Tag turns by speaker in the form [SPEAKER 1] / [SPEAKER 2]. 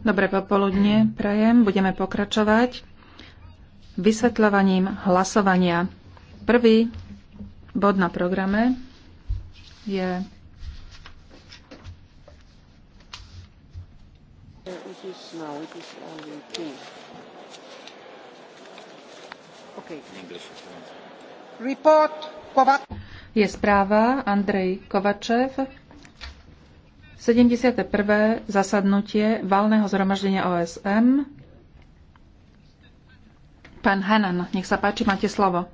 [SPEAKER 1] Dobré popoludne, prajem. Budeme pokračovať vysvetľovaním hlasovania. Prvý bod na programe je je správa Andrej Kovačev 71. zasadnutie valného zhromaždenia OSM. Pán Hanan, nech sa páči,
[SPEAKER 2] máte slovo.